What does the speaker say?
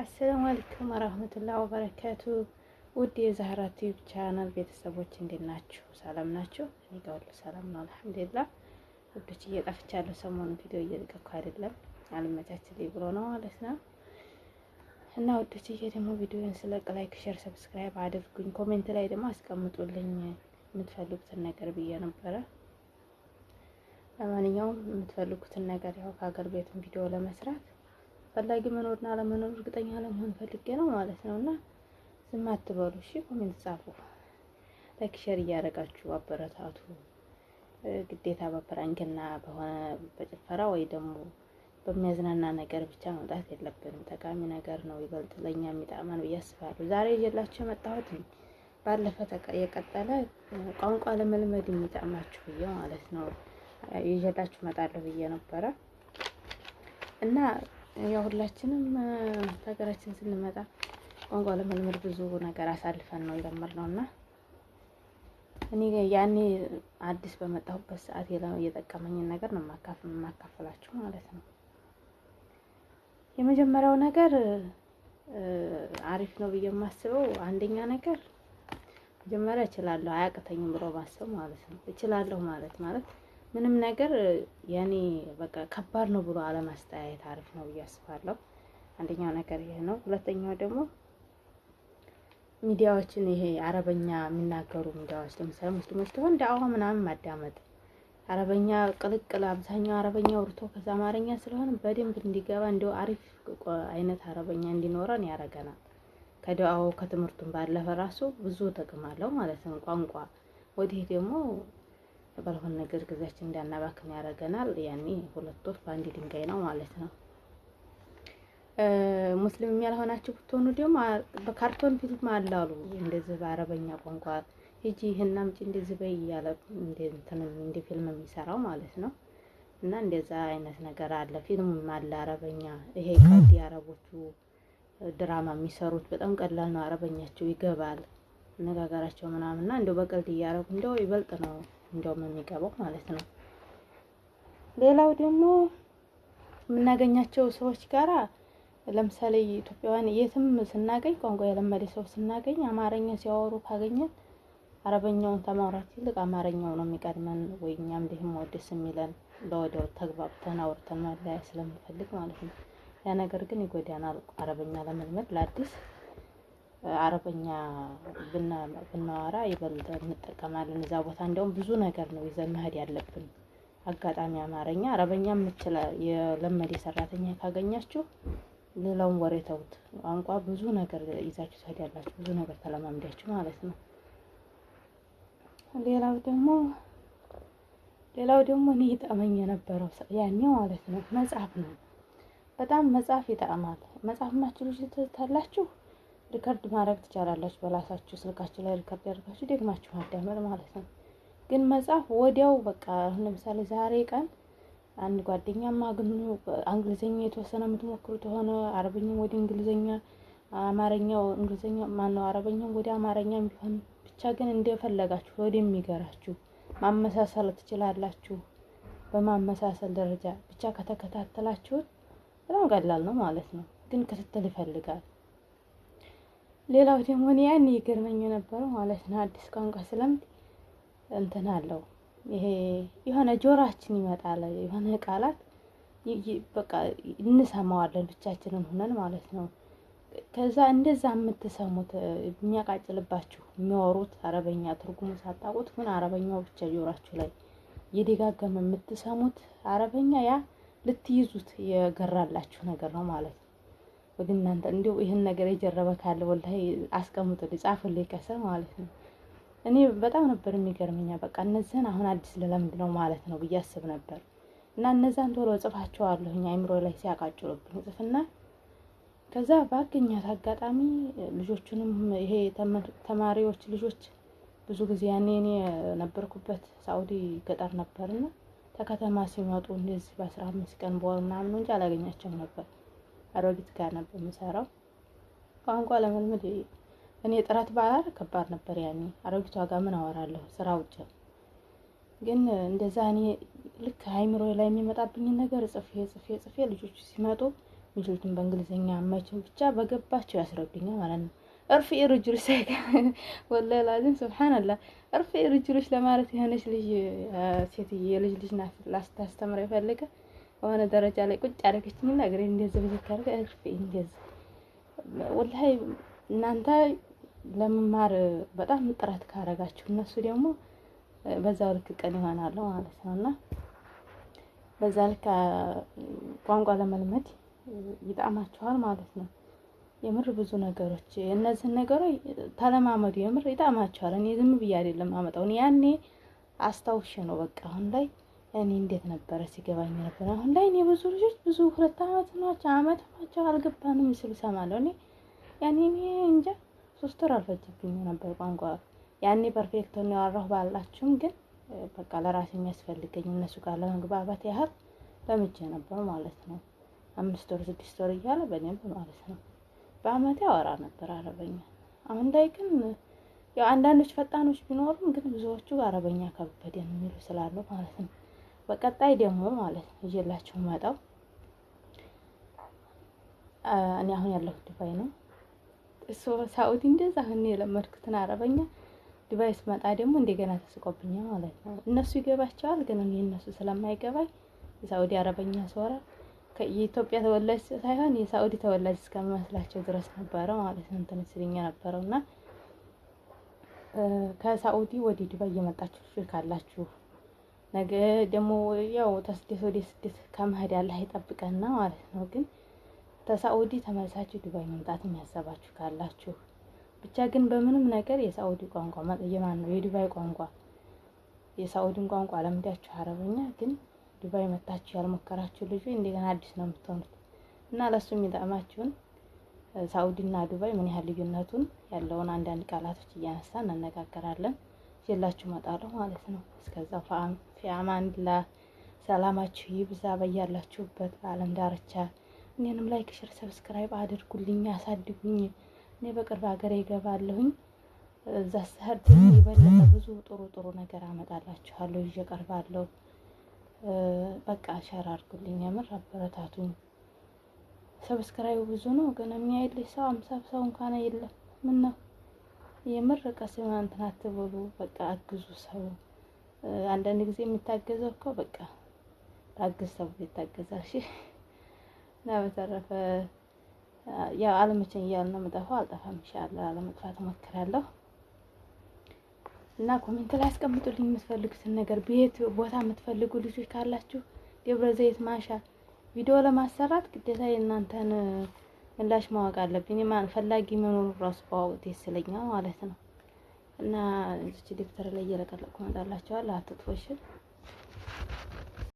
አሰላሙ አለይኩም ወራህመቱላሂ ወበረካቱ። ውድ የዛህራ ዩቲዩብ ቻናል ቤተሰቦች እንዴት ናችሁ? ሰላም ናችሁ? እኔ ጋር ሁሉ ሰላም ነው አልሐምዱሊላህ። ውዶች እየጠፍቻለሁ፣ ሰሞኑን ቪዲዮ እየለቀኩ አይደለም፣ አልመቻችልኝ ብሎ ነው ማለት ነው። እና ውዶች ይሄ ደግሞ ቪዲዮን ስለቅ ላይክ፣ ሼር፣ ሰብስክራይብ አድርጉኝ። ኮሜንት ላይ ደግሞ አስቀምጡልኝ የምትፈልጉትን ነገር ብዬ ነበረ። ለማንኛውም የምትፈልጉትን ነገር ያው ከሀገር ቤትም ቪዲዮ ለመስራት ፈላጊ መኖርና አለመኖር እርግጠኛ ለመሆን ፈልጌ ነው ማለት ነው። እና ዝም አትበሉ እሺ። ኮሜንት ጻፉ፣ ላይክ፣ ሼር እያደረጋችሁ አበረታቱ። ግዴታ በፕራንክና በሆነ በጭፈራ ወይ ደግሞ በሚያዝናና ነገር ብቻ መውጣት የለብንም። ጠቃሚ ነገር ነው ይበልጥ ለእኛ የሚጣመን ብዬ አስባለሁ። ዛሬ ይዤላችሁ የመጣሁት ባለፈ የቀጠለ ቋንቋ ለመልመድ የሚጣማችሁ ብዬ ማለት ነው ይዤላችሁ እመጣለሁ ብዬ ነበረ እና ያው ሁላችንም ሀገራችን ስንመጣ ቋንቋ ለመልመድ ብዙ ነገር አሳልፈን ነው ነው እና እኔ ያኔ አዲስ በመጣሁበት ሰዓት የጠቀመኝን ነገር ነው የማካፈላችሁ ማለት ነው። የመጀመሪያው ነገር አሪፍ ነው ብዬ የማስበው አንደኛ ነገር መጀመሪያ እችላለሁ አያቅተኝም ብሎ ማሰብ ማለት ነው። እችላለሁ ማለት ማለት ምንም ነገር የኔ በቃ ከባድ ነው ብሎ አለማስተያየት አሪፍ ነው ብዬ አስባለሁ። አንደኛው ነገር ይሄ ነው። ሁለተኛው ደግሞ ሚዲያዎችን ይሄ አረበኛ የሚናገሩ ሚዲያዎች ለምሳሌ ሙስሊሞች ሲሆን ዳዋ ምናምን ማዳመጥ አረበኛ ቅልቅል፣ አብዛኛው አረበኛ ውርቶ ከዛ አማርኛ ስለሆነ በደንብ እንዲገባ እንዲ አሪፍ አይነት አረበኛ እንዲኖረን ያደርገናል። ከዳዋው ከትምህርቱን ባለፈ ራሱ ብዙ ጥቅም አለው ማለት ነው ቋንቋ ወዲህ ደግሞ ባልሆን ነገር ጊዜያችን እንዳናባክን ያደርገናል። ያኔ ሁለት ወፍ በአንድ ድንጋይ ነው ማለት ነው። ሙስሊም ያልሆናችሁ ብትሆኑ ደግሞ በካርቶን ፊልም አላሉ እንደዚህ በአረበኛ ቋንቋ ሂጂ ይህን አምጪ እንደዚህ በይ እያለ እንደ ፊልም የሚሰራው ማለት ነው። እና እንደዛ አይነት ነገር አለ፣ ፊልምም አለ አረበኛ። ይሄ ቀድ አረቦቹ ድራማ የሚሰሩት በጣም ቀላል ነው። አረበኛቸው ይገባል፣ አነጋገራቸው እና እንደው በቀልድ እያረጉ እንደው ይበልጥ ነው እንደውም የሚገባው ማለት ነው። ሌላው ደግሞ የምናገኛቸው ሰዎች ጋራ ለምሳሌ ኢትዮጵያውያን የትም ስናገኝ ቋንቋ የለመደ ሰው ስናገኝ አማርኛ ሲያወሩ ካገኘን አረበኛውን ከማውራት ይልቅ አማርኛው ነው የሚቀድመን፣ ወይ እኛም እንዲህም ወደስ የሚለን ለወዲያው ተግባብተን አውርተን መለያ ስለምፈልግ ማለት ነው። ያ ነገር ግን ይጎዳናል። አረበኛ ለመልመድ ለአዲስ አረበኛ ብናወራ ይበልጥ እንጠቀማለን እዛ ቦታ። እንደውም ብዙ ነገር ነው ይዘን መሄድ ያለብን። አጋጣሚ አማርኛ፣ አረበኛ የምችለ የለመድ ሰራተኛ ካገኛችሁ ሌላውን ወሬ ተውት። ቋንቋ ብዙ ነገር ይዛችሁ ትሄዳላችሁ፣ ብዙ ነገር ተለማምዳችሁ ማለት ነው። ሌላው ደግሞ ሌላው ደግሞ እኔ ይጠመኝ የነበረው ያኔ ማለት ነው መጽሐፍ ነው። በጣም መጽሐፍ ይጠቅማል። መጽሐፍ ማችሁ ልጅ ትታላችሁ ሪከርድ ማድረግ ትቻላላችሁ በራሳችሁ ስልካችሁ ላይ ሪከርድ ያደርጋችሁ ደግማችሁ ማዳመጥ ማለት ነው። ግን መጽሐፍ ወዲያው በቃ ለምሳሌ ዛሬ ቀን አንድ ጓደኛማ ግን እንግሊዝኛ የተወሰነ የምትሞክሩ ተሆነ አረበኛ ወደ እንግሊዝኛ አማረኛው እንግሊዝኛ ማነው አረበኛው ወደ አማርኛ ቢሆን ብቻ ግን እንደፈለጋችሁ ወደ የሚገራችሁ ማመሳሰል ትችላላችሁ። በማመሳሰል ደረጃ ብቻ ከተከታተላችሁት በጣም ቀላል ነው ማለት ነው። ግን ክትትል ይፈልጋል። ሌላው ደግሞ እኔ ያኔ ይገርመኝ የነበረው ማለት ነው አዲስ ቋንቋ ስለምድ እንትን አለው ይሄ የሆነ ጆሯችን ይመጣል የሆነ ቃላት በቃ እንሰማዋለን ብቻችንን ሆነን ማለት ነው። ከዛ እንደዛ የምትሰሙት የሚያቃጭልባችሁ የሚያወሩት አረበኛ ትርጉሙ ሳታውቁት ግን አረበኛው ብቻ ጆሯችሁ ላይ የደጋገመ የምትሰሙት አረበኛ ያ ልትይዙት የገራላችሁ ነገር ነው ማለት ነው። ወደ እናንተ እንዲያው ይህን ነገር የጀረበ ካለ ወላሂ አስቀምጡልኝ፣ ጻፉልኝ ከስር ማለት ነው። እኔ በጣም ነበር የሚገርመኛ በቃ እነዚህን አሁን አዲስ ለለምድ ነው ማለት ነው ብዬ አስብ ነበር እና እነዛን ቶሎ እጽፋቸዋለሁኝ አይምሮ ላይ ሲያቃጭሉብኝ እጽፍና ከዛ ባገኛት አጋጣሚ ልጆቹንም ይሄ ተማሪዎች ልጆች ብዙ ጊዜ ያኔ እኔ ነበርኩበት ሳኡዲ ገጠር ነበርና ተከተማ ሲመጡ እንደዚህ በአስራ አምስት ቀን በወር ምናምን እንጂ አላገኛቸውም ነበር። አሮጊት ጋር ነበር የምሰራው። ቋንቋ ለመልመድ እኔ ጥረት ባላር ከባድ ነበር። ያኔ አሮጊቷ ጋር ምን አወራለሁ ስራ ውጭ። ግን እንደዛ እኔ ልክ አይምሮ ላይ የሚመጣብኝን ነገር ጽፌ ጽፌ ጽፌ ልጆቹ ሲመጡ ሚችሉትን በእንግሊዝኛ መቼም ብቻ በገባቸው ያስረዱኛል ማለት ነው። እርፍ ርጅሮች ሳይቀ ወላሂ ላዚም ስብሓንላ እርፍ ርጅሮች ለማለት የሆነች ልጅ ሴትዬ የልጅ ልጅ ናት ላስታስተምረ የፈለገ የሆነ ደረጃ ላይ ቁጭ አደረገችኝና እግሬ እንደዚህ ብዝት አድርጋ እንደዚህ ወላሂ እናንተ ለመማር በጣም ጥረት ካረጋችሁ እነሱ ደግሞ በዛው ልክ ቀን ይሆናሉ ማለት ነው። እና በዛ ልክ ቋንቋ ለመልመድ ይጣማችኋል ማለት ነው። የምር ብዙ ነገሮች እነዚህን ነገሮች ተለማመዱ። የምር ይጣማችኋል። እኔ ዝም ብዬ አይደለም አመጣው። ያኔ አስታውሼ ነው በቃ አሁን ላይ እኔ እንዴት ነበረ ሲገባኝ ነበር። አሁን ላይ እኔ ብዙ ልጆች ብዙ ሁለት አመት ናቸው አመት ናቸው አልገባንም ሲሉ ሰማለሁ። እኔ ያኔ እኔ እንጃ ሶስት ወር አልፈጅብኝ ነበር ቋንቋ ያኔ ፐርፌክት ነው ያወራሁ ባላችሁም፣ ግን በቃ ለራሴ የሚያስፈልገኝ እነሱ ጋር ለመግባባት ያህል በምቼ ነበር ማለት ነው። አምስት ወር ስድስት ወር እያለ በደንብ ማለት ነው በአመት ያወራ ነበር አረበኛ። አሁን ላይ ግን ያው አንዳንዶች ፈጣኖች ቢኖሩም ግን ብዙዎቹ አረበኛ ከበደ የሚሉ ስላሉ ማለት ነው በቀጣይ ደግሞ ማለት ነው ይዤላችሁ መጣው። እኔ አሁን ያለሁት ዱባይ ነው። እሱ ሳውዲ እንደዛ አሁን የለመድኩትን አረበኛ ዱባይ ስመጣ ደግሞ እንደገና ተስቆብኛ ማለት ነው። እነሱ ይገባቸዋል፣ ግን እኔ እነሱ ስለማይገባኝ የሳውዲ አረበኛ ስወራ የኢትዮጵያ ተወላጅ ሳይሆን የሳውዲ ተወላጅ እስከሚመስላቸው ድረስ ነበረ ማለት ነው እንትን ሲልኝ ነበረው እና ከሳውዲ ወደ ዱባይ እየመጣችሁ ካላችሁ ነገ ደግሞ ያው ተስደት ወደ ስደት ከመሄድ አላህ ይጠብቀና ማለት ነው። ግን ተሳኡዲ ተመልሳችሁ ዱባይ መምጣት የሚያሰባችሁ ካላችሁ ብቻ ግን በምንም ነገር የሳኡዲ ቋንቋ የማን ነው የዱባይ ቋንቋ የሳኡዲን ቋንቋ ለምዳችሁ አረብኛ ግን ዱባይ መታችሁ ያልሞከራችሁ ልጁ እንደገና አዲስ ነው የምትሆኑት እና ለሱ የሚጠቅማችሁን ሳኡዲና ዱባይ ምን ያህል ልዩነቱን ያለውን አንዳንድ ቃላቶች እያነሳ እንነጋገራለን። ይዤላችሁ እመጣለሁ ማለት ነው። እስከዛ ፊአማንላ ሰላማችሁ ይብዛ በያላችሁበት በዓለም ዳርቻ። እኔንም ላይክ፣ ሸር፣ ሰብስክራይብ አድርጉልኝ፣ አሳድጉኝ። እኔ በቅርብ ሀገር ይገባለሁኝ። እዛ ስህር የበለጠ ብዙ ጥሩ ጥሩ ነገር አመጣላችኋለሁ፣ ይዤ ቀርባለሁ። በቃ ሸር አድርጉልኝ፣ የምር አበረታቱኝ። ሰብስክራይብ ብዙ ነው ግን የሚያይልኝ ሰው አምሳ ሰው እንኳን የለም። ምን ነው የመረቀ ሲሆን እንትን አትበሉ። በቃ አግዙ ሰው። አንዳንድ ጊዜ የሚታገዘው እኮ በቃ ታግዝ ተብሎ ይታገዛል። እሺ እና በተረፈ ያው አለመቼም እያልን ነው የምጠፋው። አልጠፋም፣ ይሻላል አለመጥፋት እሞክራለሁ። እና ኮሜንት ላይ አስቀምጡልኝ የምትፈልጉትን ነገር ቤት ቦታ የምትፈልጉ ልጆች ካላችሁ ደብረ ዘይት ማሻ ቪዲዮ ለማሰራት ግዴታ የእናንተን ምላሽ ማወቅ አለብኝ። ማን ፈላጊ መኖሩ ራሱ በወቅት ይስለኛል ማለት ነው። እና እዚች ዲፕተር ላይ እየለቀለቅኩ መጣላቸዋል አትጥፎሽን